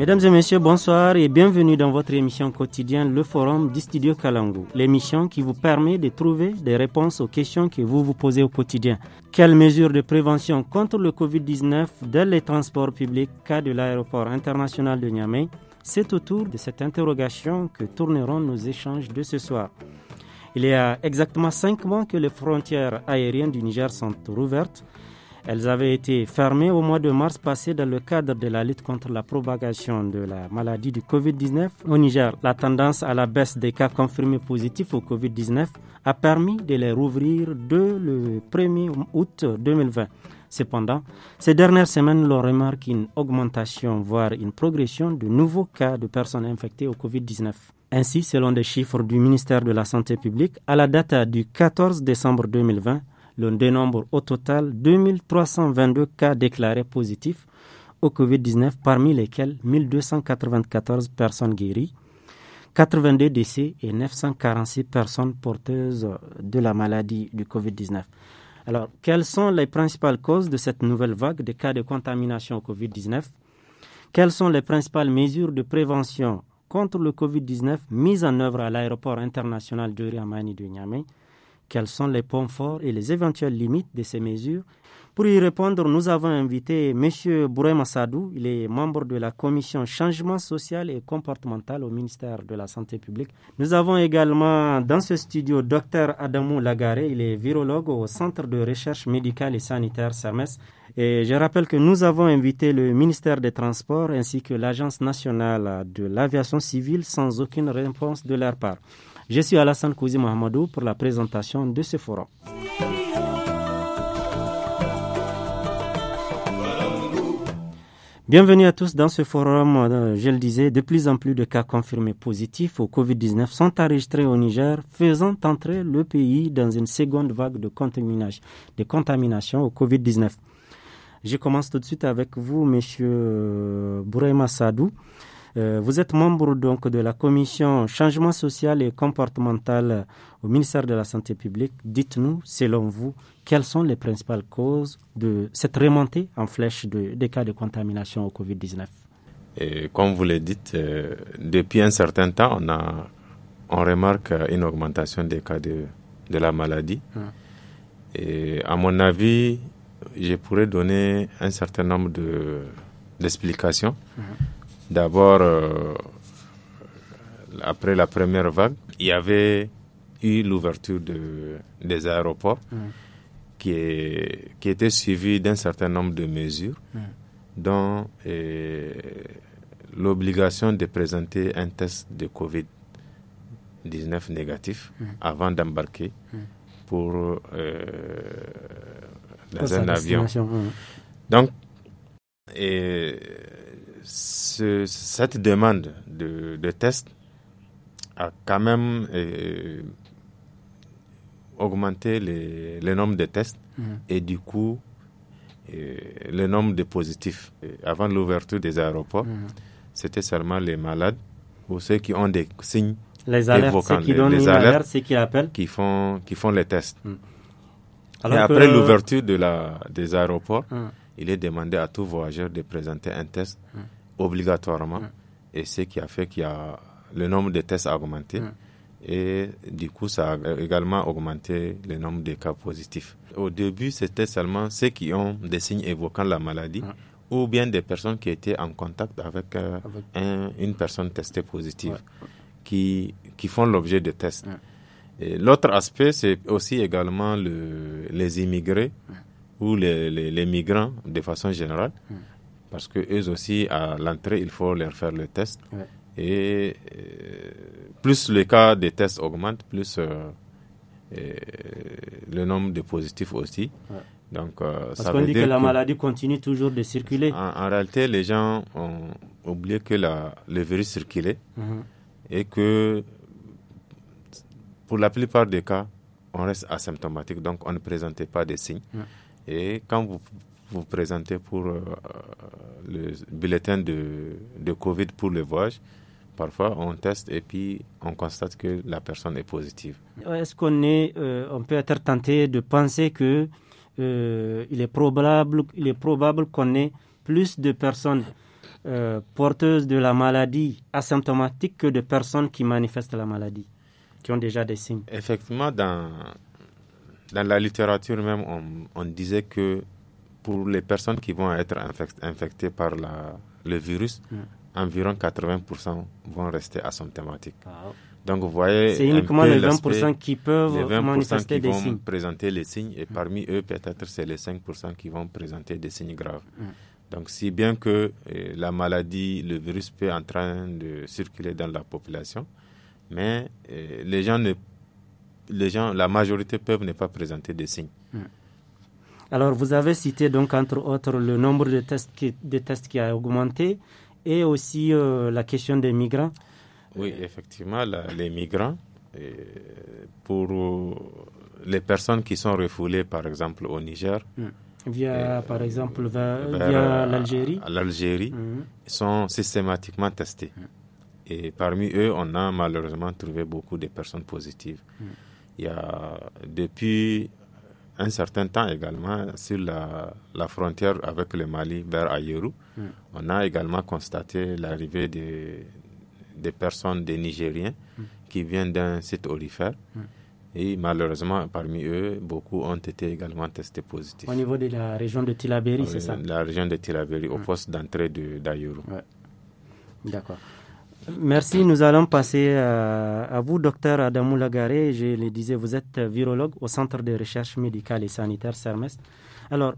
Mesdames et messieurs, bonsoir et bienvenue dans votre émission quotidienne Le Forum du Studio Kalangou, l'émission qui vous permet de trouver des réponses aux questions que vous vous posez au quotidien. Quelles mesures de prévention contre le Covid-19 dans les transports publics cas de l'aéroport international de Niamey C'est autour de cette interrogation que tourneront nos échanges de ce soir. Il y a exactement cinq mois que les frontières aériennes du Niger sont rouvertes. Elles avaient été fermées au mois de mars passé dans le cadre de la lutte contre la propagation de la maladie du Covid-19. Au Niger, la tendance à la baisse des cas confirmés positifs au Covid-19 a permis de les rouvrir dès le 1er août 2020. Cependant, ces dernières semaines, l'on remarque une augmentation, voire une progression de nouveaux cas de personnes infectées au Covid-19. Ainsi, selon des chiffres du ministère de la Santé publique, à la date du 14 décembre 2020, l'on dénombre au total 2322 cas déclarés positifs au Covid-19, parmi lesquels 1294 personnes guéries, 82 décès et 946 personnes porteuses de la maladie du Covid-19. Alors, quelles sont les principales causes de cette nouvelle vague de cas de contamination au Covid-19 Quelles sont les principales mesures de prévention contre le Covid-19 mises en œuvre à l'aéroport international de Riyamani du Niamey quels sont les points forts et les éventuelles limites de ces mesures. Pour y répondre, nous avons invité M. Bourré Massadou, il est membre de la commission changement social et comportemental au ministère de la Santé publique. Nous avons également dans ce studio Dr Adamou Lagaré, il est virologue au Centre de recherche médicale et sanitaire Sermes. Et je rappelle que nous avons invité le ministère des Transports ainsi que l'Agence nationale de l'aviation civile sans aucune réponse de leur part. Je suis Alassane Kouzi Mohamedou pour la présentation de ce forum. Bienvenue à tous dans ce forum. Euh, je le disais, de plus en plus de cas confirmés positifs au Covid-19 sont enregistrés au Niger, faisant entrer le pays dans une seconde vague de, contamination, de contamination au Covid-19. Je commence tout de suite avec vous, Monsieur euh, Bourema Sadou. Euh, vous êtes membre donc de la commission changement social et comportemental au ministère de la Santé publique. Dites-nous, selon vous, quelles sont les principales causes de cette remontée en flèche des cas de contamination au Covid-19 et comme vous le dites, euh, depuis un certain temps, on, a, on remarque une augmentation des cas de, la maladie. Et à mon avis, je pourrais donner un certain nombre d'explications. De, d'explications. D'abord, euh, après la première vague, il y avait eu l'ouverture des aéroports mm. qui, qui était suivie d'un certain nombre de mesures, mm. dont euh, l'obligation de présenter un test de COVID-19 négatif mm. avant d'embarquer pour euh, un avion. Donc, et euh, cette demande de, de, a quand même euh, augmenté les, le nombre de tests mhm. et du coup euh, le nombre de positifs. Euh, avant l'ouverture des aéroports, mhm. c'était seulement les malades ou ceux qui ont des signes les alertes, ceux qui donnent des alertes, ceux qui appellent, qui font qui font les tests. Mhm. et après l'ouverture de la des aéroports il est demandé à tout voyageur de présenter un test mm. obligatoirement. Mm. Et ce qui a fait qu'il y a le nombre de tests a augmenté. Mm. Et du coup, ça a également augmenté le nombre de cas positifs. Au début, c'était seulement ceux qui ont des signes évoquant la maladie ou bien des personnes qui étaient en contact avec, euh, une personne testée positive qui, qui font l'objet de tests. L'autre aspect, c'est aussi également les immigrés ou les, migrants de façon générale, parce que eux aussi, à l'entrée, il faut leur faire le test. Et euh, plus le cas des tests augmente, plus euh, euh, le nombre de positifs aussi. Donc, parce qu'on dit que la maladie continue toujours de circuler. En, réalité, les gens ont oublié que la, le virus circulait mhm. et que pour la plupart des cas, on reste asymptomatique, donc on ne présentait pas de signes. Et quand vous vous présentez pour euh, le bulletin de, Covid pour le voyage, parfois on teste et puis on constate que la personne est positive. Est-ce qu'on est, euh, on peut être tenté de penser que euh, il est probable, il est probable qu'on ait plus de personnes porteuses de la maladie asymptomatique que de personnes qui manifestent la maladie, qui ont déjà des signes. Effectivement, dans dans la littérature même, on, disait que pour les personnes qui vont être infectées par la, le virus, hmm. environ 80% vont rester asymptomatiques. Donc vous voyez, c'est uniquement les 20% qui peuvent les 20 qui vont présenter les signes et hmm. parmi eux peut-être c'est les 5% qui vont présenter des signes graves. Hmm. Donc, si bien que euh, la maladie, le virus peut en train de circuler dans la population, mais euh, les gens ne les gens, la majorité peuvent ne pas présenter de signes. Alors, vous avez cité donc entre autres le nombre de tests qui, tests qui a augmenté et aussi euh, la question des migrants. Oui, effectivement, les migrants, pour euh, les personnes qui sont refoulées, par exemple, au Niger, via, euh, par exemple, via l'Algérie, l'Algérie, sont systématiquement testés. Et parmi eux, on a malheureusement trouvé beaucoup de personnes positives. Il y a depuis un certain temps également sur la, frontière avec le Mali vers Ayeru, hmm. On a également constaté l'arrivée des, personnes, des Nigériens hmm. qui viennent d'un site olifère. Hmm. Et malheureusement, parmi eux, beaucoup ont été également testés positifs. Au niveau de la région de Tilaberi, c'est ça La région de Tilaberi, au poste d'entrée d'Ayuru. D'accord. Merci. Nous allons passer euh, à, vous, docteur Adamou Lagaré. Je le disais, vous êtes virologue au Centre de recherche médicale et sanitaire CERMES. Alors,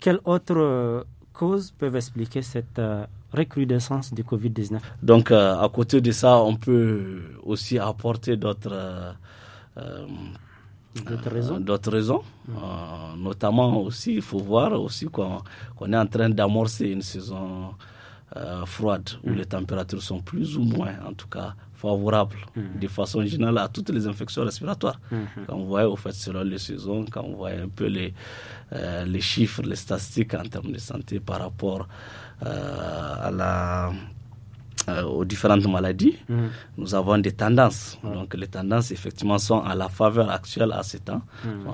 quelles autres euh, causes peuvent expliquer cette euh, recrudescence du Covid-19 Donc, à côté de ça, on peut aussi apporter d'autres. raisons. D'autres raisons. Mmh. notamment aussi, il faut voir aussi qu'on est en train d'amorcer une saison euh, froides, où mm. les températures sont plus ou moins, en tout cas, favorables mm. de façon générale à toutes les infections respiratoires. Mm-hmm. Quand on voit, au fait, selon les saisons, quand on voit un peu les, euh, les chiffres, les statistiques en termes de santé par rapport euh, à la euh, aux différentes maladies, nous avons des tendances. Donc les tendances, effectivement, sont à la faveur actuelle à ces temps,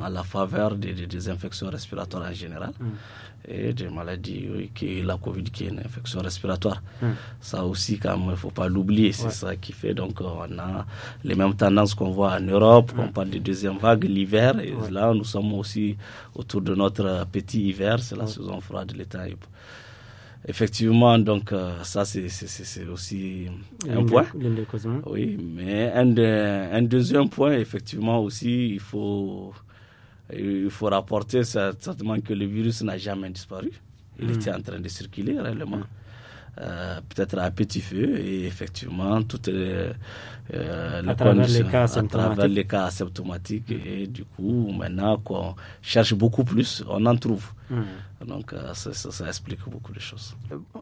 à la faveur des, infections respiratoires en général et des maladies, qui la Covid, qui est une infection respiratoire. Ça aussi, quand il ne faut pas l'oublier. C'est ça qui fait. Donc, euh, on a les mêmes tendances qu'on voit en Europe. On parle de deuxième vague, l'hiver. Et là, nous sommes aussi autour de notre euh, petit hiver. C'est la saison froide de l'État. Effectivement, donc euh, ça c'est aussi un point. Des Oui, mais un, un, deuxième point, effectivement aussi, il faut, il faut rapporter certainement que le virus n'a jamais disparu. Il hmm. était en train de circuler réellement. Hmm. Euh, peut-être à petit feu et effectivement toutes euh, à, travers les cas asymptomatiques. Et du coup, maintenant qu'on cherche beaucoup plus, on en trouve. Hmm. Donc, euh, ça, explique beaucoup de choses.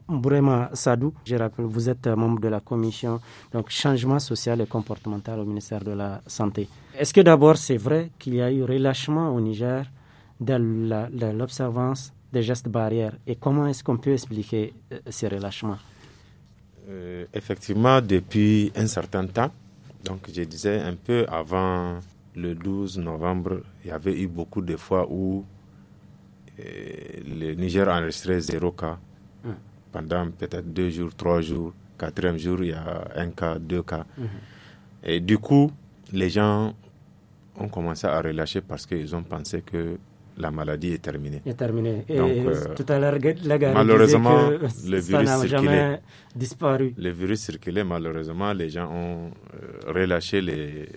Vraiment, euh, Sadou, je rappelle, vous êtes euh, membre de la commission changement social et comportemental au ministère de la Santé. Est-ce que d'abord, c'est vrai qu'il y a eu relâchement au Niger de l'observance des gestes barrières et comment est-ce qu'on peut expliquer ces relâchements euh, effectivement, depuis un certain temps, donc je disais un peu avant le 12 novembre, il y avait eu beaucoup de fois où euh, le Niger enregistrait zéro cas. Hum. Pendant peut-être deux jours, trois jours, quatrième jour, il y a un cas, deux cas. Hum. Et du coup, les gens ont commencé à relâcher parce qu'ils ont pensé que la maladie est terminée. Est terminée. Et euh, tout à l'heure, malheureusement, le virus ça jamais disparu. Le virus circulait, malheureusement, les gens ont euh, relâché les,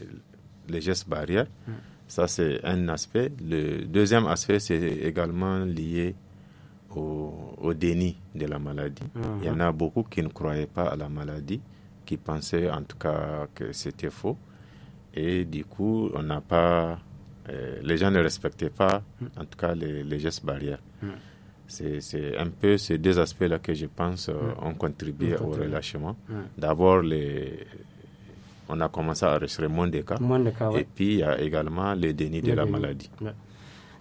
les gestes barrières. Hmm. Ça, c'est un aspect. Le deuxième aspect, c'est également lié au, au, déni de la maladie. Hmm. Il y en a beaucoup qui ne croyaient pas à la maladie, qui pensaient en tout cas que c'était faux. Et du coup, on n'a pas euh, les gens ne respectaient pas, en tout cas, les, gestes barrières. C'est un peu ces deux aspects-là que je pense euh, ont contribué au relâchement. D'abord, on a commencé à rester moins de cas. Et puis, il y a également le déni de la maladie.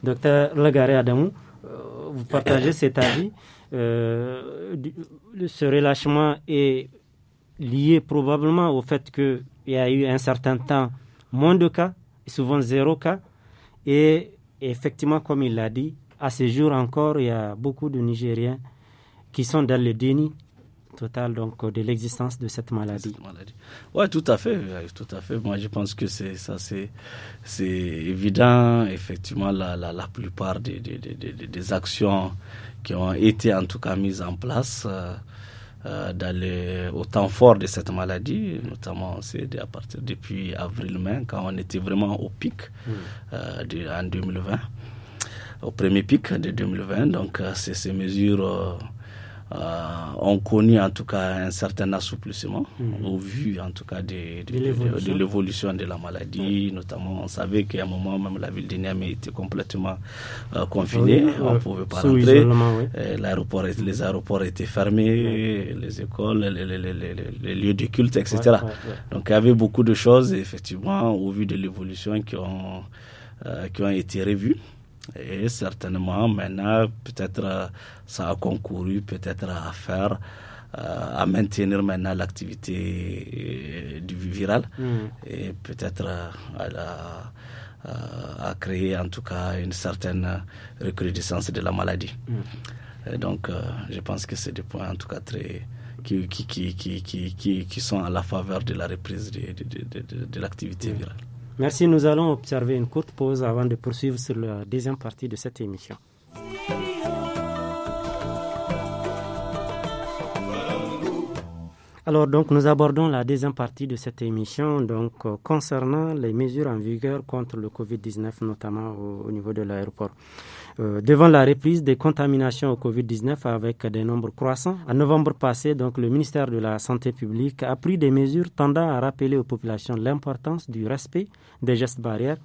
Docteur Lagaré Adamou, euh, vous partagez cet avis. ce relâchement est lié probablement au fait qu'il y a eu un certain temps moins de cas, souvent zéro cas. Et effectivement, comme il l'a dit, à ce jour encore, il y a beaucoup de Nigériens qui sont dans le déni total donc de l'existence de cette maladie. Ouais, Oui, tout à fait, tout à fait. Moi, je pense que c'est ça, c'est c'est évident. Effectivement, la, la, la plupart des, des, actions qui ont été en tout cas mises en place. Euh, euh, d'aller au temps fort de cette maladie, notamment c'est à partir depuis avril-mai, quand on était vraiment au pic hmm. euh, en 2020, au premier pic de 2020. Donc, euh, ces mesures euh, ont connu en tout cas un certain assouplissement hmm. au vu en tout cas de, de, l'évolution de, la maladie. Notamment, on savait qu'à un moment même la ville de Niamey était complètement euh, confinée, on ne pouvait pas rentrer. L'aéroport, hmm. les aéroports étaient fermés, les écoles, les, lieux de culte, etc. Donc il y avait beaucoup de choses effectivement au vu de l'évolution qui ont euh, qui ont été revues. Et certainement, maintenant, peut-être euh, ça a concouru peut-être à faire euh, à maintenir maintenant l'activité euh, du viral mm. et peut-être à, créer en tout cas une certaine recrudescence de la maladie. Mm. donc, je pense que c'est des points en tout cas très qui, qui, qui, qui, sont à la faveur de la reprise de, de, de, de l'activité mm. virale. Merci, nous allons observer une courte pause avant de poursuivre sur la deuxième partie de cette émission. Alors donc nous abordons la deuxième partie de cette émission donc euh, concernant les mesures en vigueur contre le Covid-19 notamment au, niveau de l'aéroport. Euh, devant la reprise des contaminations au Covid-19 avec des nombres croissants. En novembre passé, donc, le ministère de la Santé publique a pris des mesures tendant à rappeler aux populations l'importance du respect des gestes barrières.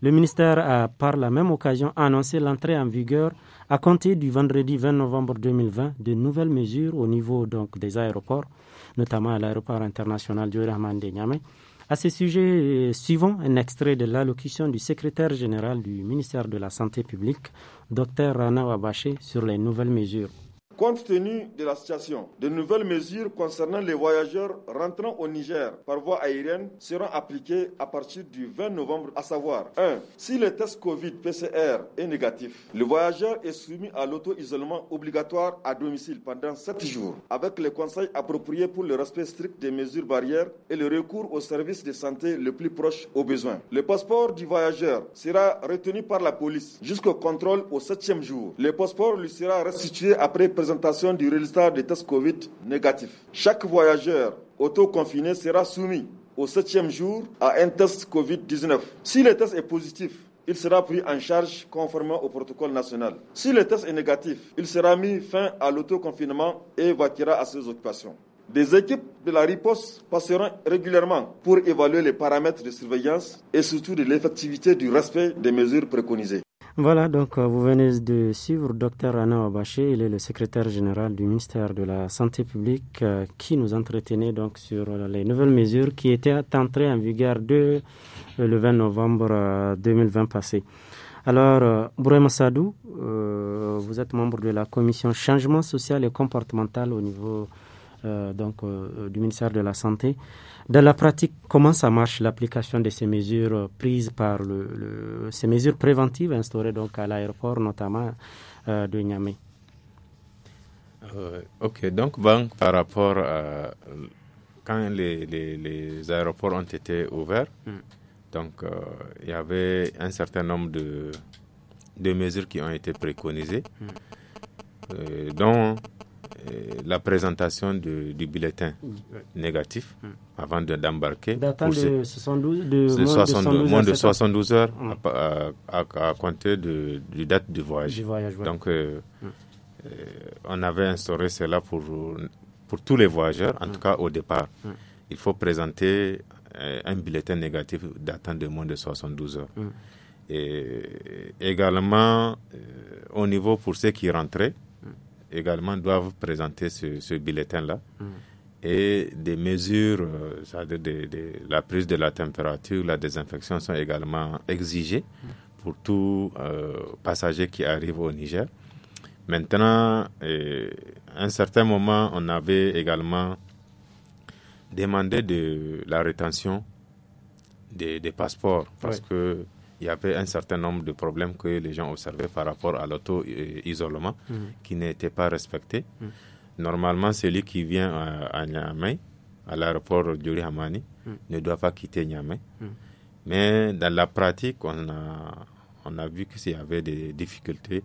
Le ministère a, par la même occasion, annoncé l'entrée en vigueur à compter du vendredi 20 novembre 2020 de nouvelles mesures au niveau des aéroports, notamment à l'aéroport international du Rahman de à ce sujet, euh, suivons un extrait de l'allocution du secrétaire général du ministère de la Santé publique, Dr Rana Wabaché, sur les nouvelles mesures Compte tenu de la situation, de nouvelles mesures concernant les voyageurs rentrant au Niger par voie aérienne seront appliquées à partir du 20 novembre, à savoir 1. Si le test COVID-PCR est négatif, le voyageur est soumis à l'auto-isolement obligatoire à domicile pendant 7 jours, avec les conseils appropriés pour le respect strict des mesures barrières et le recours aux services de santé le plus proche aux besoins. Le passeport du voyageur sera retenu par la police jusqu'au contrôle au 7e jour. Le passeport lui sera restitué après présentation présentation du résultat des tests Covid négatif. Chaque voyageur autoconfiné sera soumis au septième jour à un test Covid-19. Si le test est positif, il sera pris en charge conformément au protocole national. Si le test est négatif, il sera mis fin à l'autoconfinement et vaquera à ses occupations. Des équipes de la riposte passeront régulièrement pour évaluer les paramètres de surveillance et surtout de l'effectivité du respect des mesures préconisées. Voilà, donc euh, vous venez de suivre Dr Anna Obaché, il est le secrétaire général du ministère de la Santé publique euh, qui nous entretenait donc sur euh, les nouvelles mesures qui étaient entrées en vigueur le 20 novembre 2020 passé. Alors, Bourema Sadou, vous êtes membre de la commission changement social et comportemental au niveau donc, du ministère de la Santé. Dans la pratique, comment ça marche l'application de ces mesures euh, prises par le, ces mesures préventives instaurées donc à l'aéroport notamment euh, de Niamey euh, Ok, donc par rapport à quand les, aéroports ont été ouverts, hmm. donc euh, il y avait un certain nombre de, mesures qui ont été préconisées, hmm. dont euh, la présentation du bulletin mm. négatif mm. avant d'embarquer. De, moins, de 72 heures mm. à, compter de, date du voyage. Donc, euh, euh, on avait instauré cela pour, pour tous les voyageurs, en tout cas au départ. Il faut présenter un bulletin négatif datant de moins de 72 heures. Et également, au niveau pour ceux qui rentraient, également doivent présenter ce, ce bulletin-là. Mm. Et des mesures, euh, c'est-à-dire la prise de la température, la désinfection sont également exigées mm. pour tout euh, passager qui arrive au Niger. Maintenant, à un certain moment, on avait également demandé de la rétention des, passeports parce que il y avait un certain nombre de problèmes que les gens observaient par rapport à l'auto-isolement mm. qui n'étaient pas respectés. Mm. Normalement, celui qui vient à, Niamey, à l'aéroport Djuri Hamani, mm. ne doit pas quitter Niamey. Mais dans la pratique, on a, on a vu qu'il y avait des difficultés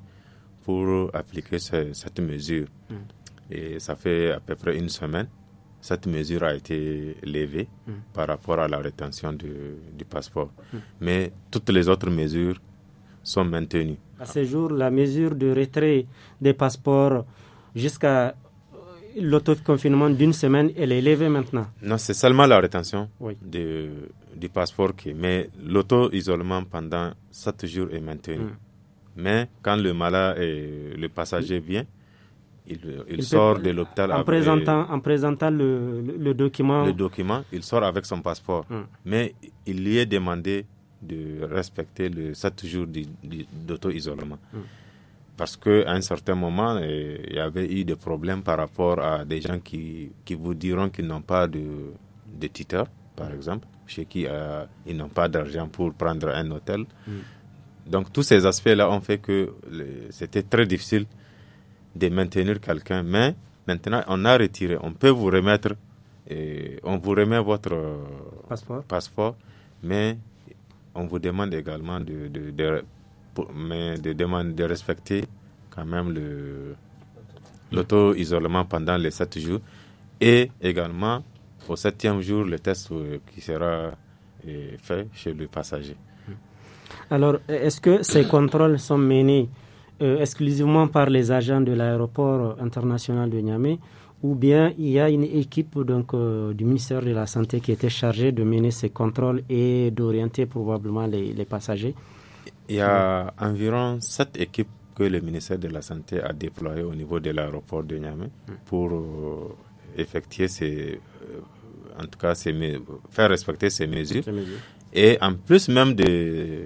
pour appliquer cette mesure. Et ça fait à peu près une semaine cette mesure a été levée par rapport à la rétention du, du passeport. Mais toutes les autres mesures sont maintenues. À ce jour, la mesure de retrait des passeports jusqu'à euh, l'autoconfinement d'une semaine, elle est levée maintenant. Non, c'est seulement la rétention de, du passeport qui Mais l'auto-isolement pendant 7 jours est maintenu. Mm. Mais quand le malade et le passager vient, il, euh, sort de l'hôpital en, présentant, en présentant le, document. Le document, il sort avec son passeport. Hum. Mais il lui est demandé de respecter le 7 jours d'auto-isolement. Hum. Parce qu'à un certain moment, euh, il y avait eu des problèmes par rapport à des gens qui, qui vous diront qu'ils n'ont pas de, de par hum. exemple, chez qui euh, ils n'ont pas d'argent pour prendre un hôtel. Donc tous ces aspects-là ont fait que c'était très difficile de maintenir quelqu'un, mais maintenant on a retiré, on peut vous remettre, euh, on vous remet votre euh, passeport. passeport, mais on vous demande également de, de, mais de, demande de respecter quand même le, l'auto-isolement pendant les sept jours et également au septième jour le test euh, qui sera fait chez le passager. Alors, est-ce que ces contrôles sont menés euh, exclusivement par les agents de l'aéroport international de Niamey, ou bien il y a une équipe donc, euh, du ministère de la Santé qui était chargée de mener ces contrôles et d'orienter probablement les, passagers. Il y a environ sept équipes que le ministère de la Santé a déployées au niveau de l'aéroport de Niamey pour euh, effectuer ces, en tout cas, faire respecter ces mesures. Et en plus même de,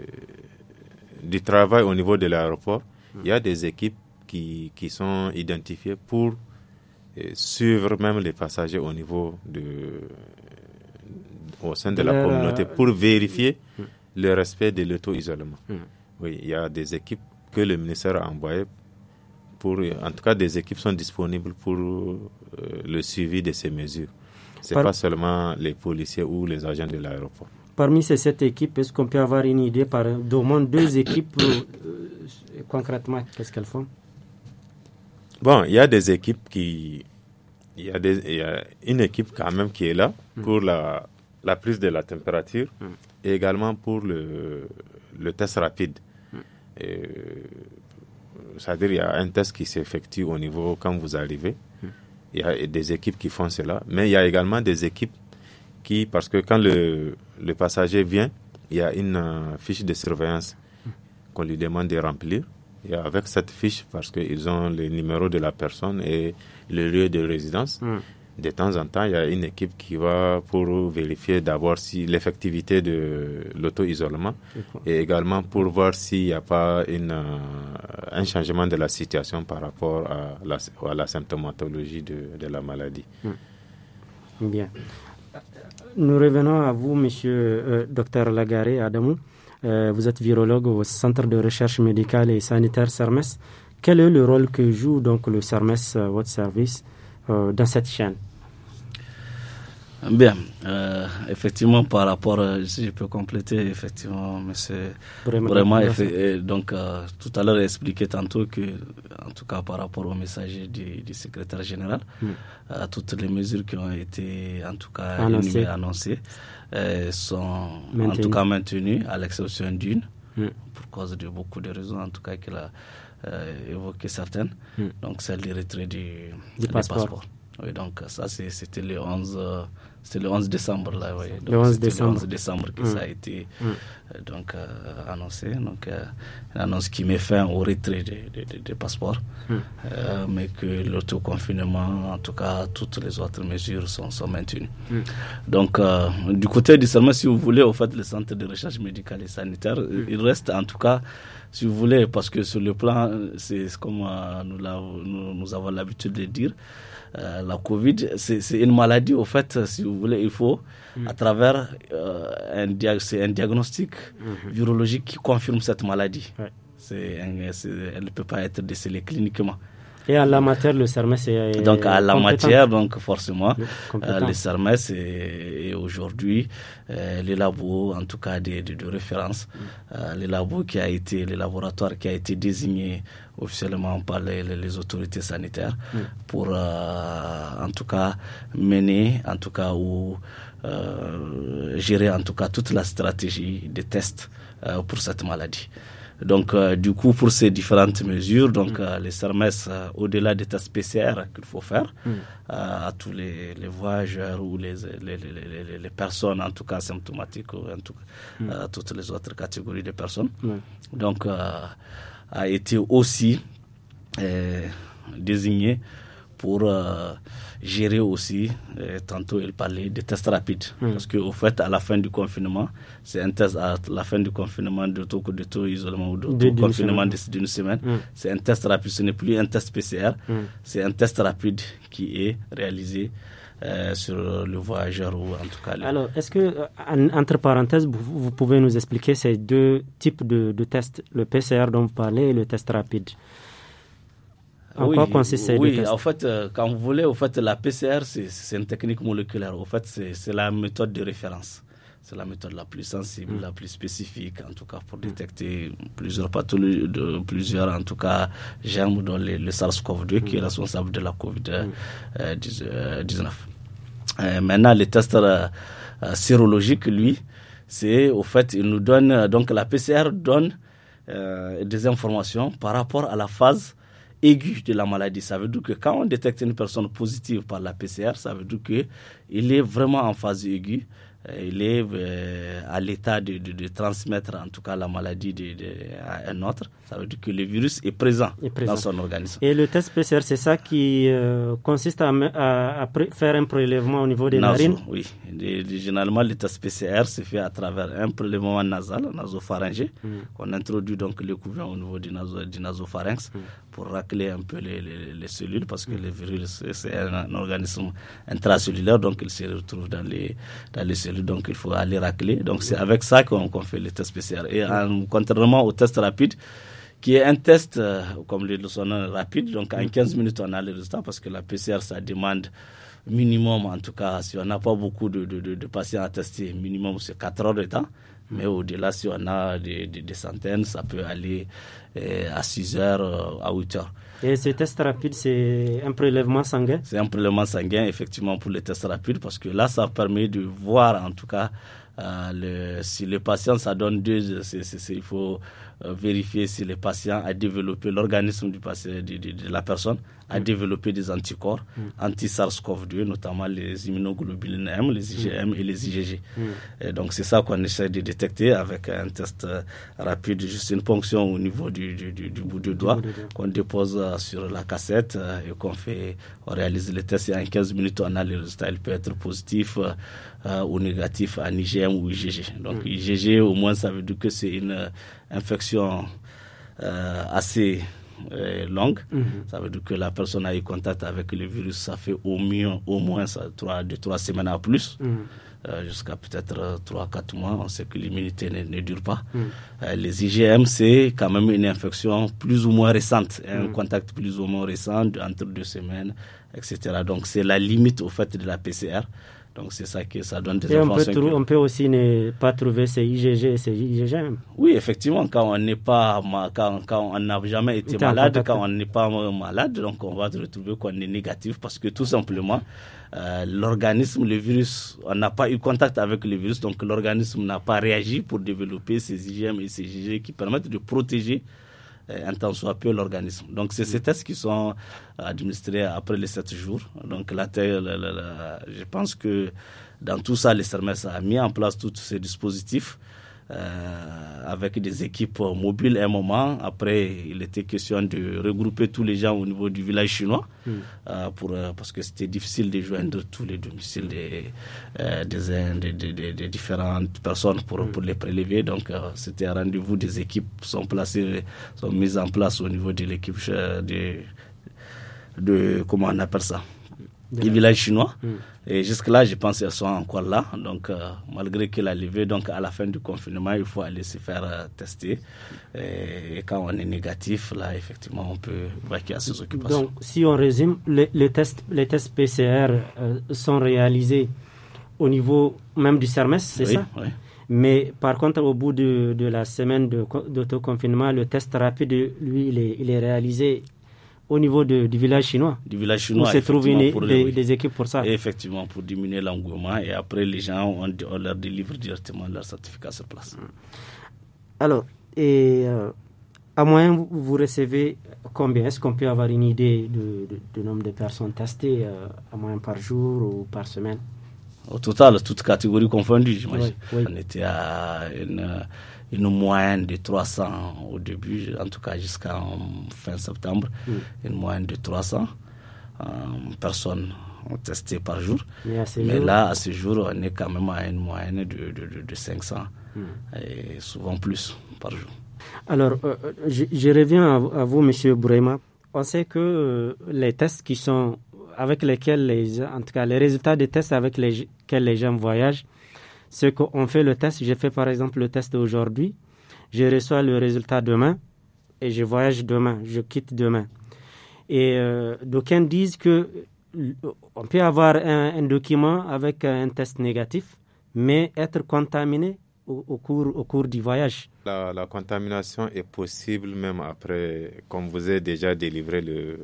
du travail au niveau de l'aéroport, il y a des équipes qui, sont identifiées pour euh, suivre même les passagers au niveau de au sein de, la, communauté pour vérifier mm. le respect de l'auto-isolement. Mm. Oui, il y a des équipes que le ministère a envoyées pour, en tout cas, des équipes sont disponibles pour euh, le suivi de ces mesures. Ce n'est pas seulement les policiers ou les agents de l'aéroport. Parmi ces sept équipes, est-ce qu'on peut avoir une idée par d'au moins deux équipes euh, concrètement Qu'est-ce qu'elles font Bon, il y a des équipes qui. Il y, a une équipe quand même qui est là hmm. pour la, la, prise de la température hmm. et également pour le, le test rapide. Hmm. c'est-à-dire il y a un test qui s'effectue au niveau quand vous arrivez. Il y a des équipes qui font cela, mais il y a également des équipes parce que quand le, le passager vient, il y a une euh, fiche de surveillance qu'on lui demande de remplir. Et avec cette fiche, parce qu'ils ont le numéro de la personne et le lieu de résidence, hmm. de temps en temps, il y a une équipe qui va pour vérifier d'abord si l'effectivité de l'auto-isolement et également pour voir s'il n'y a pas une, euh, un changement de la situation par rapport à la, la symptomatologie de, de, la maladie. Hmm. Bien. Nous revenons à vous, monsieur euh, docteur Lagaré Adamou. Euh, vous êtes virologue au Centre de recherche médicale et sanitaire Sermes. Quel est le rôle que joue donc le Sermes, euh, votre service, dans cette chaîne Bien, euh, effectivement, par rapport, euh, si je peux compléter, effectivement, mais c'est vraiment, euh, donc, tout à l'heure, expliqué tantôt que, en tout cas, par rapport au messager du, du secrétaire général, hmm. toutes les mesures qui ont été, en tout cas, annoncées, sont, en tout cas, maintenues, à l'exception d'une, hmm. pour cause de beaucoup de raisons, en tout cas, qu'il a évoqué certaines, hmm. donc celle du retrait du, du passeport. Oui, donc ça, c'était le 11 c'est le 11 décembre, là, le décembre. décembre que mm. ça a été mm. euh, donc, euh, annoncé. Donc, euh, annonce qui met fin au retrait des, passeports, mm. mais que l'autoconfinement, en tout cas, toutes les autres mesures sont, maintenues. Donc, du côté du seulement si vous voulez, au fait, le centre de recherche médicale et sanitaire, il reste en tout cas si vous voulez, parce que sur le plan, c'est comme nous, nous, avons l'habitude de dire, euh, la Covid, c'est une maladie, au fait, euh, si vous voulez, il faut, à travers euh, un, un, diagnostic mhm. virologique qui confirme cette maladie. Elle ne peut pas être décelée cliniquement. Et à la matière, le CERMES est. Euh, donc, à la matière, donc forcément, euh, le CERMES est, aujourd'hui euh, les le labo, en tout cas de, de, référence, les le qui a été, le laboratoire qui a été désigné officiellement par les, autorités sanitaires pour, en tout cas, mener, en tout cas, ou gérer, en tout cas, toute la stratégie des tests pour cette maladie. Donc, euh, du coup, pour ces différentes mesures, donc, euh, les SERMES, euh, au-delà des tests PCR qu'il faut faire mm. à tous les, voyageurs ou les, les, les, personnes, en tout cas symptomatiques, ou en tout, mm. toutes les autres catégories de personnes, donc, a été aussi désigné pour gérer aussi. Euh, tantôt, il parlait des tests rapides. Hmm. parce Parce qu'au fait, à la fin du confinement, c'est un test à la fin du confinement d'auto-isolement ou d'auto-confinement d'une semaine. Hmm. C'est un test rapide. Ce n'est plus un test PCR. Hmm. C'est un test rapide qui est réalisé. Euh, sur le voyageur ou en tout cas. Alors, est-ce que, euh, entre parenthèses, vous, pouvez nous expliquer ces deux types de, de tests, le PCR dont vous parlez et le test rapide en oui, en fait, euh, quand vous voulez, en fait, la PCR, c'est une technique moléculaire. En fait, c'est la méthode de référence. C'est la méthode la plus sensible, mm. la plus spécifique, en tout cas pour mm. détecter plusieurs pathologies, de, plusieurs en tout cas germes dont le, SARS-CoV-2 qui est mm. responsable de la COVID-19. Euh, euh, maintenant, les tests sérologiques lui, c'est au fait, il nous donne, donc la PCR donne des informations par rapport à la phase aiguë de la maladie. Ça veut dire que quand on détecte une personne positive par la PCR, ça veut dire qu'il est vraiment en phase aiguë. Euh, il est euh, à l'état de, de, transmettre en tout cas la maladie de, à un autre. Ça veut dire que le virus est présent, dans son organisme. Et le test PCR, c'est ça qui euh, consiste à, à, faire un prélèvement au niveau des narines Oui, généralement le test PCR se fait à travers un prélèvement nasal, nasopharyngé, On mm. qu'on introduit donc le couvert au niveau du, naso, nasopharynx mm. pour racler un peu les, les, cellules parce que mm. le virus, c'est un, un, organisme intracellulaire, donc il se retrouve dans les, dans les cellules donc il faut aller racler. Donc c'est avec ça qu'on fait le test PCR. Et contrairement au test rapide, qui est un test, euh, comme le son rapide, donc en 15 minutes on a le résultat parce que la PCR ça demande minimum, en tout cas, si on n'a pas beaucoup de, patients à tester, minimum c'est 4 heures de temps. Mais au-delà, si on a des, centaines, ça peut aller euh, à 6 heures, euh, à 8 heures. Et ces test rapides, c'est un prélèvement sanguin C'est un prélèvement sanguin, effectivement, pour le test rapide parce que là, ça permet de voir, en tout cas, euh, le, si le patient, ça donne deux, il faut euh, vérifier si le patient a développé l'organisme du patient, de, la personne a mm. développé des anticorps mm. anti-SARS-CoV-2, notamment les immunoglobulines M, les IgM mm. et les IgG. donc c'est ça qu'on essaie de détecter avec un test euh, rapide, juste une ponction au niveau du, du, bout du doigt qu'on dépose euh, sur la cassette et qu'on fait, on réalise le test et en 15 minutes on a le résultat. Il peut être positif ou négatif en IgM ou IgG. Donc IgG au moins ça veut dire que c'est une infection euh, assez euh, longue. Mhm. Ça veut dire que la personne a eu contact avec le virus, ça fait au mieux, au moins ça, trois, trois semaines à plus. Mhm. Euh, jusqu'à peut-être 3-4 mois, on sait que l'immunité ne, ne, dure pas. Mhm. les IgM, c'est quand même une infection plus ou moins récente, hein, un contact plus ou moins récent entre deux semaines, etc. Donc c'est la limite au fait de la PCR. Donc c'est ça que ça donne des informations. On peut, aussi ne pas trouver ces IgG et ces IgGM. Oui, effectivement, quand on n'est pas quand, on n'a jamais été malade, quand on n'est pas euh, malade, donc on va retrouver qu'on est négatif parce que tout simplement euh, l'organisme, le virus, on n'a pas eu contact avec le virus, donc l'organisme n'a pas réagi pour développer ces IgM et ces IgG qui permettent de protéger un euh, soit peu l'organisme. Donc, c'est ces tests qui sont euh, administrés après les 7 jours. Donc, la, terre je pense que dans tout ça, les a mis en place tous ces dispositifs euh, avec des équipes mobiles un moment. Après, il était question de regrouper tous les gens au niveau du village chinois mm. euh, pour, euh, parce que c'était difficile de joindre tous les domiciles des, différentes personnes pour, mm. pour les prélever. Donc, c'était un rendez-vous. Des équipes sont placées, sont mises en place au niveau de l'équipe de, de comment on appelle ça des villages chinois. Hmm. Et jusque-là, je pense qu'elles sont encore là. Donc, euh, malgré qu'il a levé, donc à la fin du confinement, il faut aller se faire euh, tester. Et, quand on est négatif, là, effectivement, on peut vaquer à ses occupations. Donc, si on résume, les, tests, les tests PCR euh, sont réalisés au niveau même du CERMES, c'est ça oui. Mais par contre, au bout de, de la semaine d'autoconfinement, le test rapide, lui, il est, il est réalisé au niveau de, du village chinois. Du village chinois. Où se trouvent des, équipes pour ça. effectivement, pour diminuer l'engouement. Et après, les gens, on, on, leur délivre directement leur certificat sur place. Mm. Alors, et, euh, à moyen, vous, recevez combien Est-ce qu'on peut avoir une idée du nombre de personnes testées euh, à moyen par jour ou par semaine Au total, toutes catégories confondues, j'imagine. On était à une une moyenne de 300 au début, en tout cas jusqu'à fin septembre, mm. une moyenne de 300 euh, personnes personnes testées par jour. Mais, là, à ce jour, on est quand même à une moyenne de, 500 mm. et souvent plus par jour. Alors, euh, euh, je, reviens à, vous, Monsieur Bourema. On sait que les tests qui sont avec lesquels les, en tout cas, les résultats des tests avec lesquels les gens voyagent c'est qu'on fait le test. J'ai fait par exemple le test aujourd'hui. Je reçois le résultat demain et je voyage demain. Je quitte demain. Et euh, d'aucuns disent que euh, on peut avoir un, document avec un test négatif, mais être contaminé au, cours, du voyage. La, contamination est possible même après, comme vous avez déjà délivré le,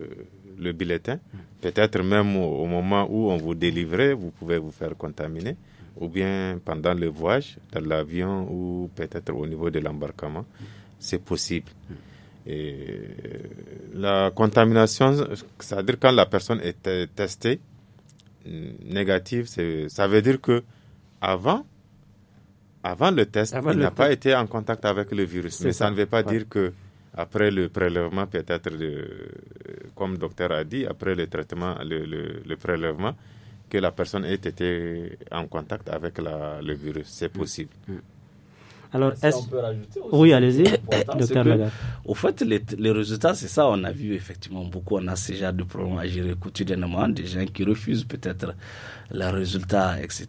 le mm. Peut-être même au, moment où on vous délivrait, vous pouvez vous faire contaminer ou bien pendant le voyage, dans l'avion ou peut-être au niveau de l'embarquement. C'est possible. Et euh, la contamination, c'est-à-dire quand la personne est testée mm, négative, ça veut dire que avant, avant le test, il n'a pas été en contact avec le virus. Mais ça, ne veut pas dire que après le prélèvement, peut-être, comme le docteur a dit, après le traitement, le prélèvement, que la personne ait été en contact avec le virus. C'est mm. possible. Mm. Alors, est-ce... oui, allez-y, docteur Au fait, les, résultats, c'est ça. On a vu effectivement beaucoup, on a ces gens de problèmes à gérer quotidiennement, des gens qui refusent peut-être les résultats, etc.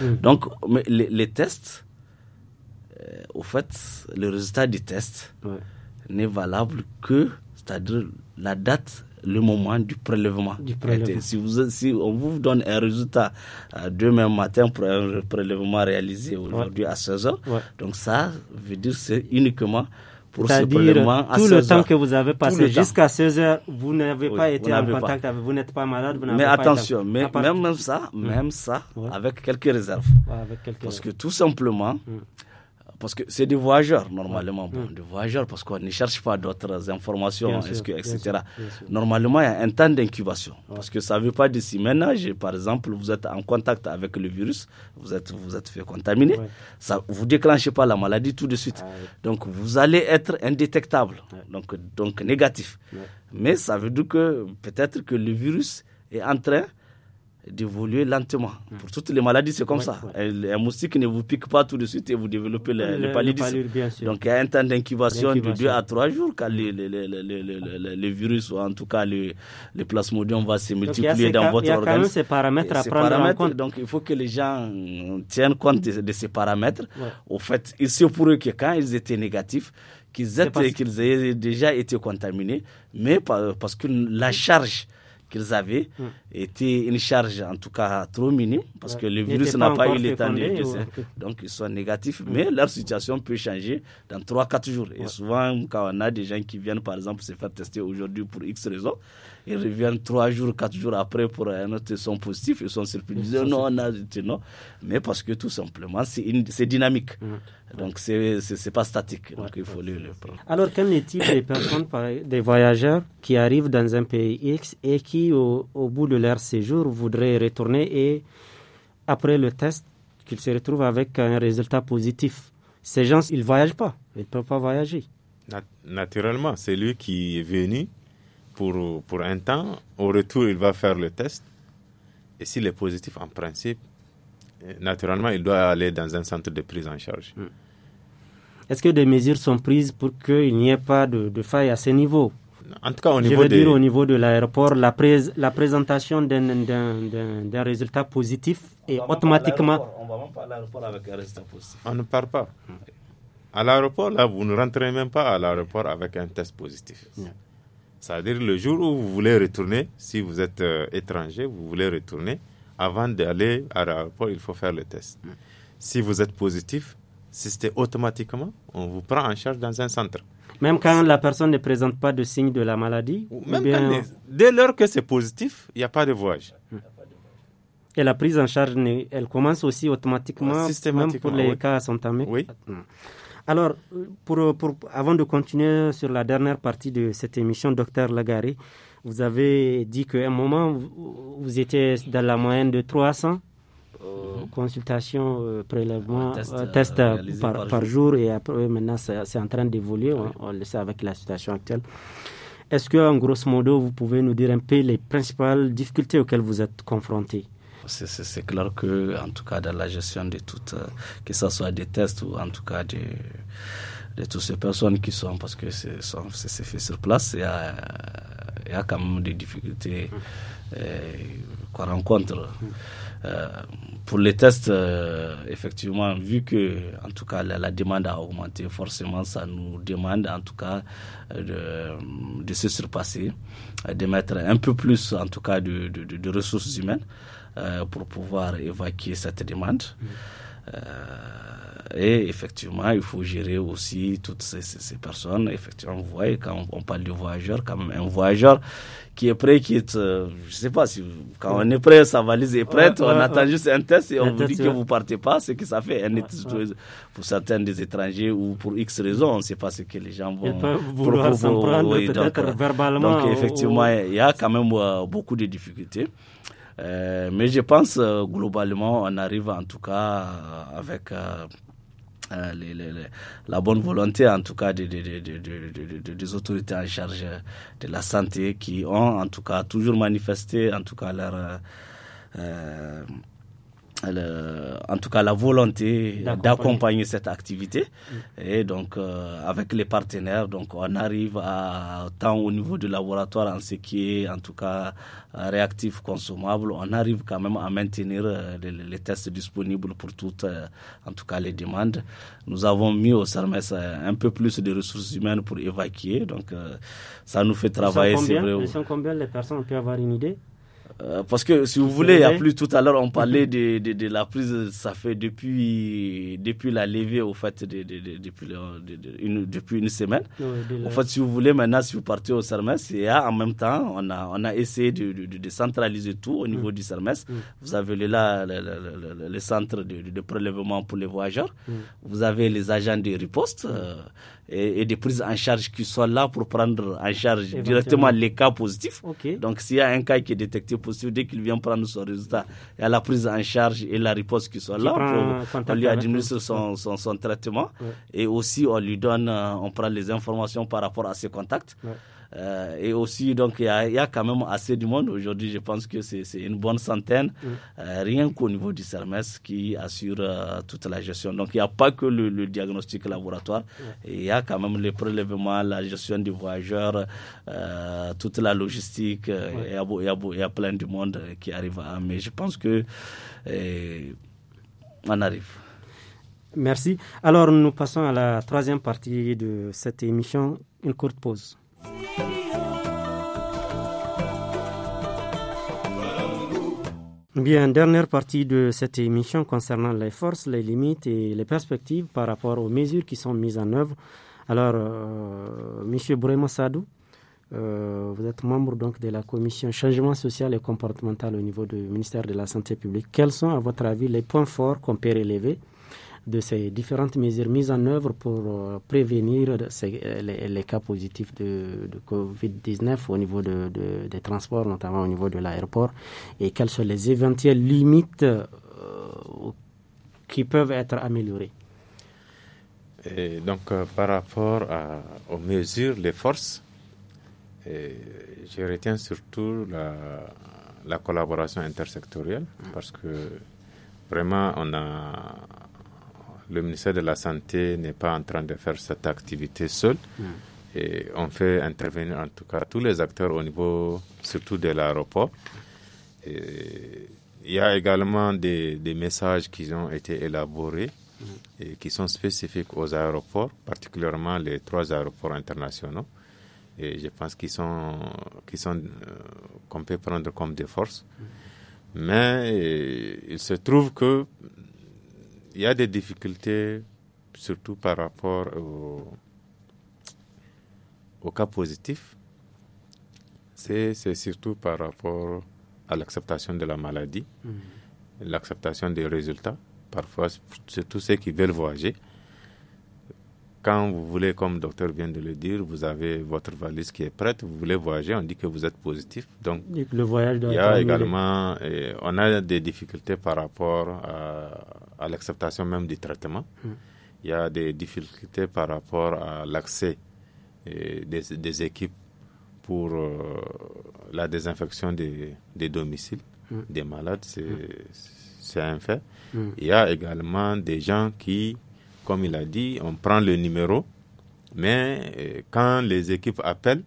Mm. Donc, les, tests, euh, au fait, le résultat du test n'est valable que, c'est-à-dire la date le moment du prélèvement. Si, vous, si on vous donne un résultat euh, demain matin pour un prélèvement réalisé aujourd'hui à 16 h donc ça veut dire c'est uniquement pour ce prélèvement à 16 tout le temps que vous avez passé jusqu'à 16 h vous n'avez pas été en contact avec, vous n'êtes pas malade, vous Mais attention, été... mais, même, même ça, hum. même ça, avec quelques réserves. Avec Parce que tout simplement, hum parce que c'est des voyageurs, normalement. des voyageurs, parce qu'on ne cherche pas d'autres informations, que, etc. Normalement, il y a un temps d'incubation. Parce que ça ne veut pas dire si maintenant, par exemple, vous êtes en contact avec le virus, vous êtes, vous êtes fait contaminer, ça, vous déclenche déclenchez pas la maladie tout de suite. Ah donc, vous allez être indétectable, donc, donc négatif. Mais ça veut dire que peut-être que le virus est en train d'évoluer lentement. Hmm. Pour toutes les maladies, c'est comme ça. Un moustique ne vous pique pas tout de suite et vous développez le, le, paludisme. Donc, il y a un temps d'incubation de 2 à 3 jours quand le, virus, ou en tout cas le, plasmodium, va se multiplier dans votre organisme. Il y a, quand même ces paramètres à prendre en compte. Donc, il faut que les gens tiennent compte de, ces paramètres. Au fait, il pour eux que quand ils étaient négatifs, qu'ils aient, aient déjà été contaminés, mais parce que la charge qu'ils avaient hmm. été une charge en tout cas trop minime parce que le virus n'a pas, eu l'étendue. Hein. Donc ils sont négatifs, hmm. mais leur situation peut changer dans 3-4 jours. Et souvent, quand on a des gens qui viennent par exemple se faire tester aujourd'hui pour X raison ils reviennent 3 jours, 4 jours après pour un autre, ils sont positifs, ils sont surpris, ils disent non, on a non. Mais parce que tout simplement, c'est dynamique. Hmm. Donc, c'est n'est pas statique. Donc, il faut le, Alors, qu'en est-il des personnes, e-, des voyageurs qui arrivent dans un pays X et qui, au, bout de leur séjour, voudraient retourner et, après le test, qu'ils se retrouvent avec un résultat positif Ces gens, ils ne voyagent pas. Ils ne peuvent pas voyager. Naturellement, c'est lui qui est venu pour, pour un temps. Au retour, il va faire le test. Et s'il est positif, en principe, naturellement, il doit aller dans un centre de prise en charge. Hmm. Est-ce que des mesures sont prises pour qu'il n'y ait pas de, de faille à ce niveau en tout cas, au niveau Je veux dire, au niveau de l'aéroport, la, prise, la présentation d'un résultat positif est automatiquement. On va même pas à l'aéroport avec un résultat positif. On ne part pas. À l'aéroport, là, vous ne rentrez même pas à l'aéroport avec un test positif. C'est-à-dire, le jour où vous voulez retourner, si vous êtes euh, étranger, vous voulez retourner, avant d'aller à l'aéroport, il faut faire le test. Si vous êtes positif, c'était automatiquement, on vous prend en charge dans un centre. Même quand la personne ne présente pas de signes de la maladie Même Dès lors que c'est positif, il n'y a pas de voyage. Hmm. Et la prise en charge, elle commence aussi automatiquement, même pour les cas asymptomatiques. Oui. Hmm. Alors, avant de continuer sur la dernière partie de cette émission, docteur Lagari, vous avez dit qu'à un moment, vous étiez dans la moyenne de 300 Mhm. consultation, euh, prélèvement, test euh, euh, par, jour. Et après, maintenant, c'est en train d'évoluer. On, le sait avec la situation actuelle. Est-ce que, en grosso modo, vous pouvez nous dire un peu les principales difficultés auxquelles vous êtes confrontés C'est clair que, en tout cas, dans la gestion de toutes, que ce soit des tests ou en tout cas de toutes ces personnes qui sont, parce que c'est fait sur place, il y, a, quand même des difficultés mm. qu'on rencontre. Mm. Euh, pour les tests, euh, effectivement, vu que en tout cas la, demande a augmenté, forcément ça nous demande en tout cas de, se surpasser, euh, de mettre un peu plus en tout cas de, ressources humaines pour pouvoir évacuer cette demande. Et effectivement, il faut gérer aussi toutes ces, personnes. Effectivement, vous voyez, quand on, parle de voyageur, quand même, un voyageur qui est prêt, qui est. Je euh, je sais pas, si, quand on est prêt, sa valise est prête, on attend juste un test et on vous dit que vous partez pas, ce que ça fait. Un Pour certains des étrangers ou pour X raisons, on ne sait pas ce que les gens vont. vouloir s'en prendre, donc, euh, verbalement. Donc, effectivement, il y a quand même euh, beaucoup de difficultés. mais je pense globalement, on arrive en tout cas avec la bonne volonté, en tout cas, des, autorités en charge de la santé qui ont, en tout cas, toujours manifesté, en tout cas, leur. Euh, en tout cas la volonté d'accompagner cette activité. Mm. Et donc, euh, avec les partenaires, donc on arrive à, tant au niveau du laboratoire en ce qui est en tout cas euh, réactif consommable, on arrive quand même à maintenir euh, les, tests disponibles pour toutes, en tout cas les demandes. Nous avons mis au CERMES un peu plus de ressources humaines pour évacuer, donc ça nous fait travailler. c'est vrai combien, les personnes, ont avoir une idée euh, parce que si vous voulez, il y a plus tout à l'heure, on parlait mhm. de, de, la prise, ça fait depuis, depuis la levée, au fait, de, depuis, une, depuis une semaine. en fait, si vous voulez, maintenant, si vous partez au CERMES, et en même temps, on a, on a essayé de, centraliser tout au niveau mhm. du CERMES. Mhm. Vous avez là le, centre de, prélèvement pour les voyageurs, vous avez les agents de riposte. Euh, et, des prises en charge qui soient là pour prendre en charge directement les cas positifs. Donc, s'il y a un cas qui est détecté positif, dès qu'il vient prendre son résultat, il y a la prise en charge et la réponse qui soit là. Pour, lui administrer son, son, traitement et aussi on lui donne, euh, on prend les informations par rapport à ses contacts. Euh, et aussi, donc, il y, a quand même assez du monde. Aujourd'hui, je pense que c'est une bonne centaine, mm. euh, rien qu'au niveau du CERMES qui assure euh, toute la gestion. Donc, il n'y a pas que le, diagnostic laboratoire, mm. il y a quand même les prélèvements, la gestion des voyageurs, toute la logistique. Il y, y, a plein de monde qui arrive à. Mais je pense que on arrive. Merci. Alors, nous passons à la troisième partie de cette émission, une courte pause. Bien, dernière partie de cette émission concernant les forces, les limites et les perspectives par rapport aux mesures qui sont mises en œuvre. Alors, euh, Monsieur Sadou, euh, vous êtes membre donc de la commission changement social et comportemental au niveau du ministère de la Santé publique. Quels sont, à votre avis, les points forts qu'on peut relever de ces différentes mesures mises en œuvre pour euh, prévenir euh, les, cas positifs de, Covid-19 au niveau des transports, notamment au niveau de l'aéroport, et quelles sont les éventuelles limites euh, qui peuvent être améliorées. Et donc, par rapport aux mesures, les forces, et je retiens surtout la, la collaboration intersectorielle mm. parce que vraiment on a le ministère de la Santé n'est pas en train de faire cette activité seul. Et on fait intervenir en tout cas tous les acteurs au niveau surtout de l'aéroport. Il y a également des, messages qui ont été élaborés et qui sont spécifiques aux aéroports, particulièrement les trois aéroports internationaux. Et je pense qu'ils sont, sont euh, qu'on peut prendre comme des forces. Mais euh, il se trouve que il y a des difficultés, surtout par rapport au, cas positif. C'est surtout par rapport à l'acceptation de la maladie, mhm. l'acceptation des résultats. Parfois, c'est tous ceux qui veulent voyager. Quand vous voulez, comme le docteur vient de le dire, vous avez votre valise qui est prête, vous voulez voyager, on dit que vous êtes positif. Donc, le voyage doit il y a également, on a des difficultés par rapport à à l'acceptation même du traitement. Hmm. Il y a des difficultés par rapport à l'accès euh, des, équipes pour euh, la désinfection des, domiciles hmm. des malades. C'est hmm. un fait. Il y a également des gens qui, comme il a dit, on prend le numéro, mais euh, quand les équipes appellent,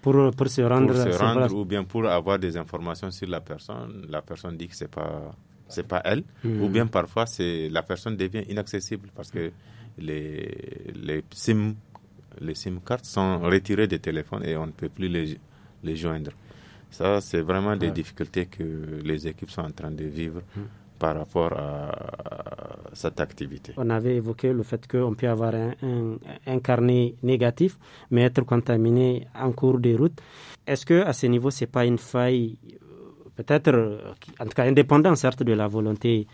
pour, se rendre, pour se rendre ou bien pour avoir des informations sur la personne, la personne dit que c'est pas c'est pas elle, hmm. ou bien parfois c'est la personne devient inaccessible parce que les, les SIM les SIM cards sont retirées des téléphones et on ne peut plus les, les joindre. Ça, c'est vraiment des difficultés que les équipes sont en train de vivre hmm. par rapport à, cette activité. On avait évoqué le fait qu'on peut avoir un, un, un, carnet négatif, mais être contaminé en cours de route. Est-ce que à ce niveau, ce n'est pas une faille peut-être, euh, en tout cas indépendant certes de la volonté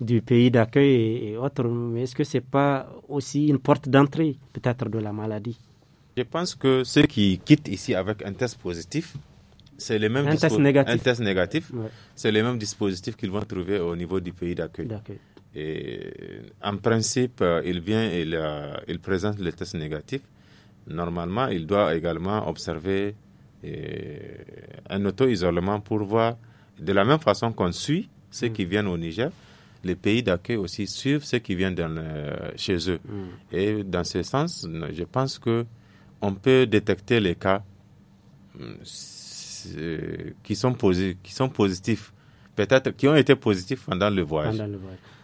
du pays d'accueil et, autres, mais est-ce que ce n'est pas aussi une porte d'entrée peut-être de la maladie Je pense que ceux qui quittent ici avec un test positif, c'est le même un test négatif, c'est le même dispositifs qu'ils vont trouver au niveau du pays d'accueil. Et en principe, euh, il vient, euh, il, présente le test négatif. Normalement, il doit également observer un auto-isolement pour voir de la même façon qu'on suit ceux mm. qui viennent au Niger, les pays d'accueil aussi suivent ceux qui viennent euh, chez eux. Mm. Et dans ce sens, je pense que on peut détecter les cas mm, euh, qui sont, qui sont positifs, peut-être qui ont été positifs pendant le voyage,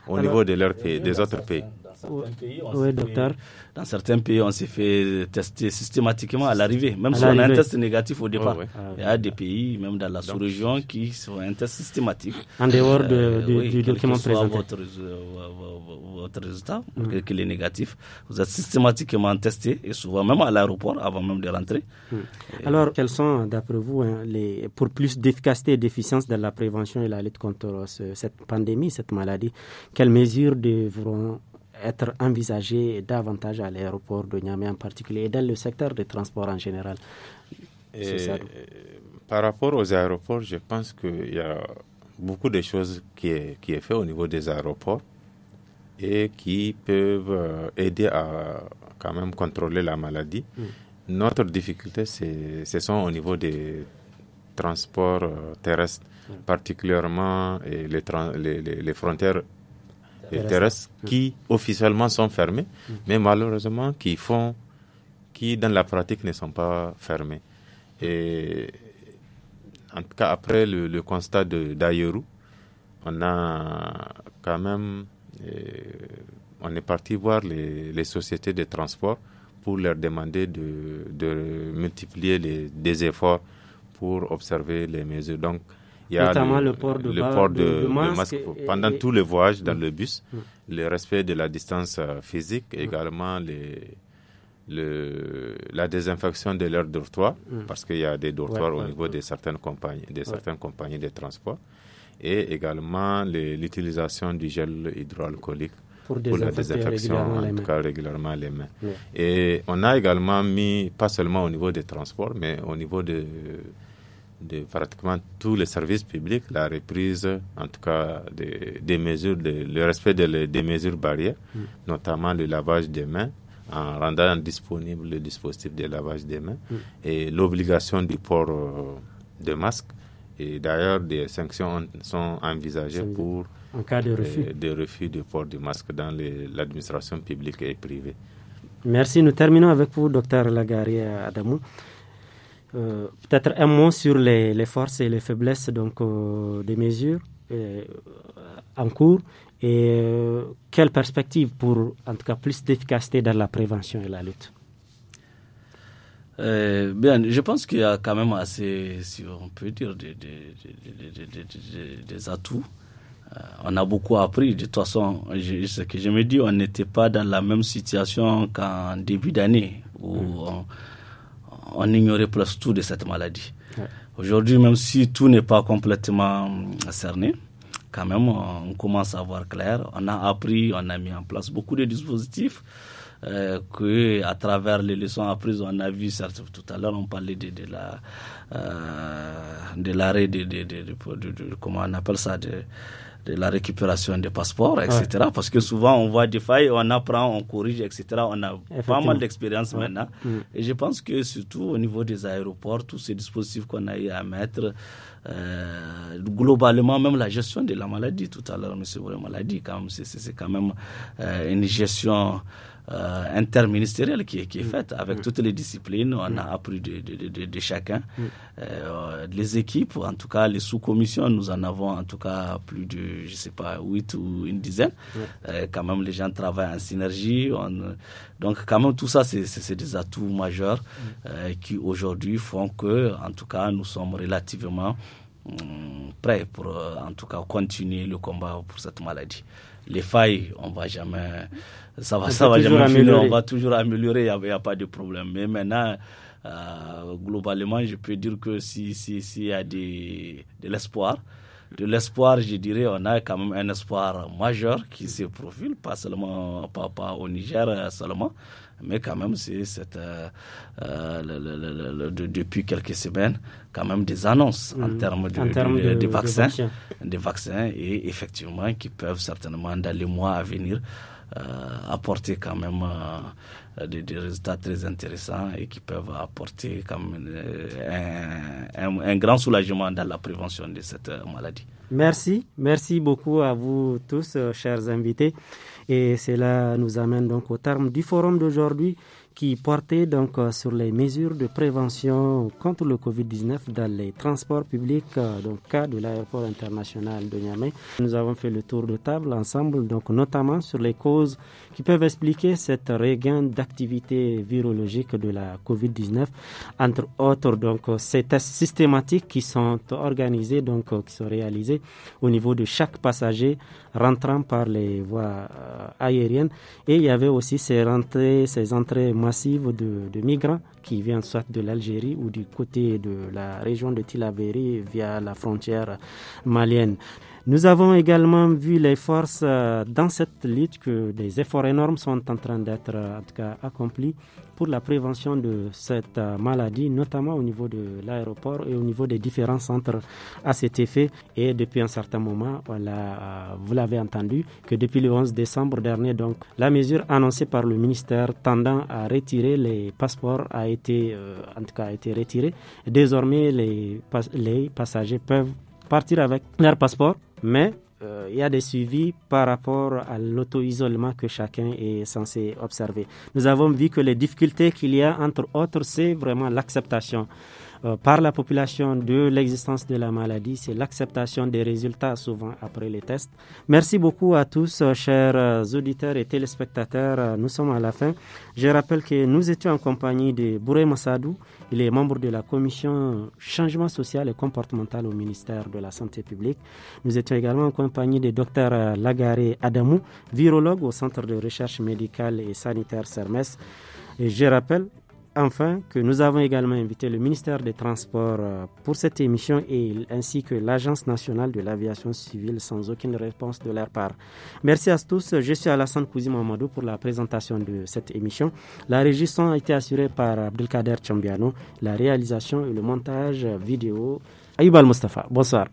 au niveau de leur euh, des autres pays dans certains pays, on s'est fait tester systématiquement à l'arrivée, même si on a un test négatif au départ. Ah, Il y a des pays, même dans la sous-région, qui sont un test systématique. En dehors de, euh, du, du document présenté. Votre, euh, votre résultat, mm. qu'il est négatif, vous êtes systématiquement testé, et souvent même à l'aéroport, avant même de rentrer. Mm. Alors, quels sont, d'après vous, hein, les, pour plus d'efficacité et d'efficience dans la prévention et la lutte contre cette pandémie, cette maladie, quelles mesures devront être envisagé davantage à l'aéroport de Niamey en particulier et dans le secteur des transports en général euh, Par rapport aux aéroports, je pense qu'il y a beaucoup de choses qui est, qui est fait au niveau des aéroports et qui peuvent euh, aider à quand même contrôler la maladie. Mm. Notre difficulté, ce sont au niveau des transports euh, terrestres, mm. particulièrement et les, les, frontières terrestres qui officiellement sont fermés, mm. mais malheureusement qui font, qui dans la pratique ne sont pas fermés. Et en tout cas, après le, constat d'Ayerou, on a quand même, euh, on est parti voir les, sociétés de transport pour leur demander de, multiplier les, des efforts pour observer les mesures. Donc, y a Notamment le, port de, masque, pendant tous les voyages dans le bus, mm. le respect de la distance euh, physique, mm. également les, le, la désinfection de leurs dortoirs, mm. parce qu'il y a des dortoirs au niveau de certaines compagnies, de certaines compagnies de transport, et également l'utilisation du gel hydroalcoolique pour, la désinfection, en tout cas régulièrement les mains. Et on a également mis, pas seulement au niveau des transports, mais au niveau de, de pratiquement tous les services publics, la reprise, en tout cas, des, mesures, le respect des mesures barrières, mm. notamment le lavage des mains, en rendant disponible le dispositif de lavage des mains mm. et l'obligation du port euh, de masque. Et d'ailleurs, des sanctions sont envisagées pour en cas de euh, refus. du de refus de port du masque dans l'administration publique et privée. Merci. Nous terminons avec vous, docteur Lagari Adamou. Euh, peut-être un mot sur les, forces et les faiblesses donc, euh, des mesures euh, en cours et quelles perspectives pour, en tout cas, plus d'efficacité dans la prévention et la lutte bien, je pense qu'il y a quand même assez, si on peut dire, des, atouts. on a beaucoup appris. De toute façon, je, ce que je me dis, on n'était pas dans la même situation qu'en début d'année. où mm. on, on ignorait plus tout de cette maladie. Aujourd'hui, même si tout n'est pas complètement euh, cerné, quand même, on commence à voir clair. On a appris, on a mis en place beaucoup de dispositifs euh, que, à travers les leçons apprises, on a vu. Certes, tout à l'heure, on parlait de, la euh, de l'arrêt de, de, de, comment on appelle ça de de la récupération des passeports, etc. Parce que souvent, on voit des failles, on apprend, on corrige, etc. On a pas mal d'expérience maintenant. Mm. Et je pense que surtout au niveau des aéroports, tous ces dispositifs qu'on a eu à mettre, euh, globalement, même la gestion de la maladie, tout à l'heure, monsieur Bourré maladie, quand c'est quand même euh, une gestion euh, interministérielle qui, qui, est mm. faite avec mm. toutes les disciplines. On mm. a appris de, de, chacun. Euh, les équipes, en tout cas les sous-commissions, nous en avons en tout cas plus de, je sais pas, huit ou une dizaine. Euh, quand même, les gens travaillent en synergie. On, donc, quand même, tout ça, c'est des atouts majeurs qui aujourd'hui font que, en tout cas, nous sommes relativement hum, prêts pour, en tout cas, continuer le combat pour cette maladie. Les failles, on va jamais ça va, ça va On va toujours améliorer, il n'y a, pas de problème. Mais maintenant, euh, globalement, je peux dire que s'il si, si, y a de l'espoir, de l'espoir, je dirais, on a quand même un espoir majeur qui se profile, pas seulement au Niger euh, seulement, mais quand même, c'est euh, depuis quelques semaines, quand même des annonces en mm. termes de, des vaccins, et effectivement qui peuvent certainement dans les mois à venir euh, apporter quand même euh, des, résultats très intéressants et qui peuvent apporter quand même euh, un, un, un grand soulagement dans la prévention de cette maladie. Merci, merci beaucoup à vous tous, chers invités. Et cela nous amène donc au terme du forum d'aujourd'hui qui portait donc euh, sur les mesures de prévention contre le Covid-19 dans les transports publics, euh, donc cas de l'aéroport international de Niamey. Nous avons fait le tour de table ensemble, donc notamment sur les causes qui peuvent expliquer cette regain d'activité virologique de la COVID-19. Entre autres, donc, ces tests systématiques qui sont organisés, donc, qui sont réalisés au niveau de chaque passager rentrant par les voies euh, aériennes. Et il y avait aussi ces rentrées, ces entrées massives de, de migrants qui viennent soit de l'Algérie ou du côté de la région de Tilaveri via la frontière malienne. Nous avons également vu les forces euh, dans cette lutte que des efforts énormes sont en train d'être euh, en tout cas, accomplis pour la prévention de cette euh, maladie, notamment au niveau de l'aéroport et au niveau des différents centres à cet effet. Et depuis un certain moment, voilà, vous l'avez entendu, que depuis le 11 décembre dernier, donc, la mesure annoncée par le ministère tendant à retirer les passeports a été, en tout cas, été retirée. Désormais, les, les passagers peuvent partir avec leur passeport, mais euh, il y a des suivis par rapport à l'auto-isolement que chacun est censé observer. Nous avons vu que les difficultés qu'il y a, entre autres, c'est vraiment l'acceptation. Euh, par la population de l'existence de la maladie, c'est l'acceptation des résultats souvent après les tests. Merci beaucoup à tous, euh, chers euh, auditeurs et téléspectateurs. Nous sommes à la fin. Je rappelle que nous étions en compagnie de Bouré Massadou. Il est membre de la commission changement social et comportemental au ministère de la Santé publique. Nous étions également en compagnie de Docteur Lagaré Adamou, virologue au Centre de recherche médicale et sanitaire Sermes. Et je rappelle enfin que nous avons également invité le ministère des Transports euh, pour cette émission et ainsi que l'Agence nationale de l'aviation civile sans aucune réponse de leur part. Merci à tous. Je suis Alassane Kouzi Mamadou pour la présentation de cette émission. La régie son a été assurée par Abdelkader Chambiano, la réalisation et le montage vidéo. al Mustafa, bonsoir.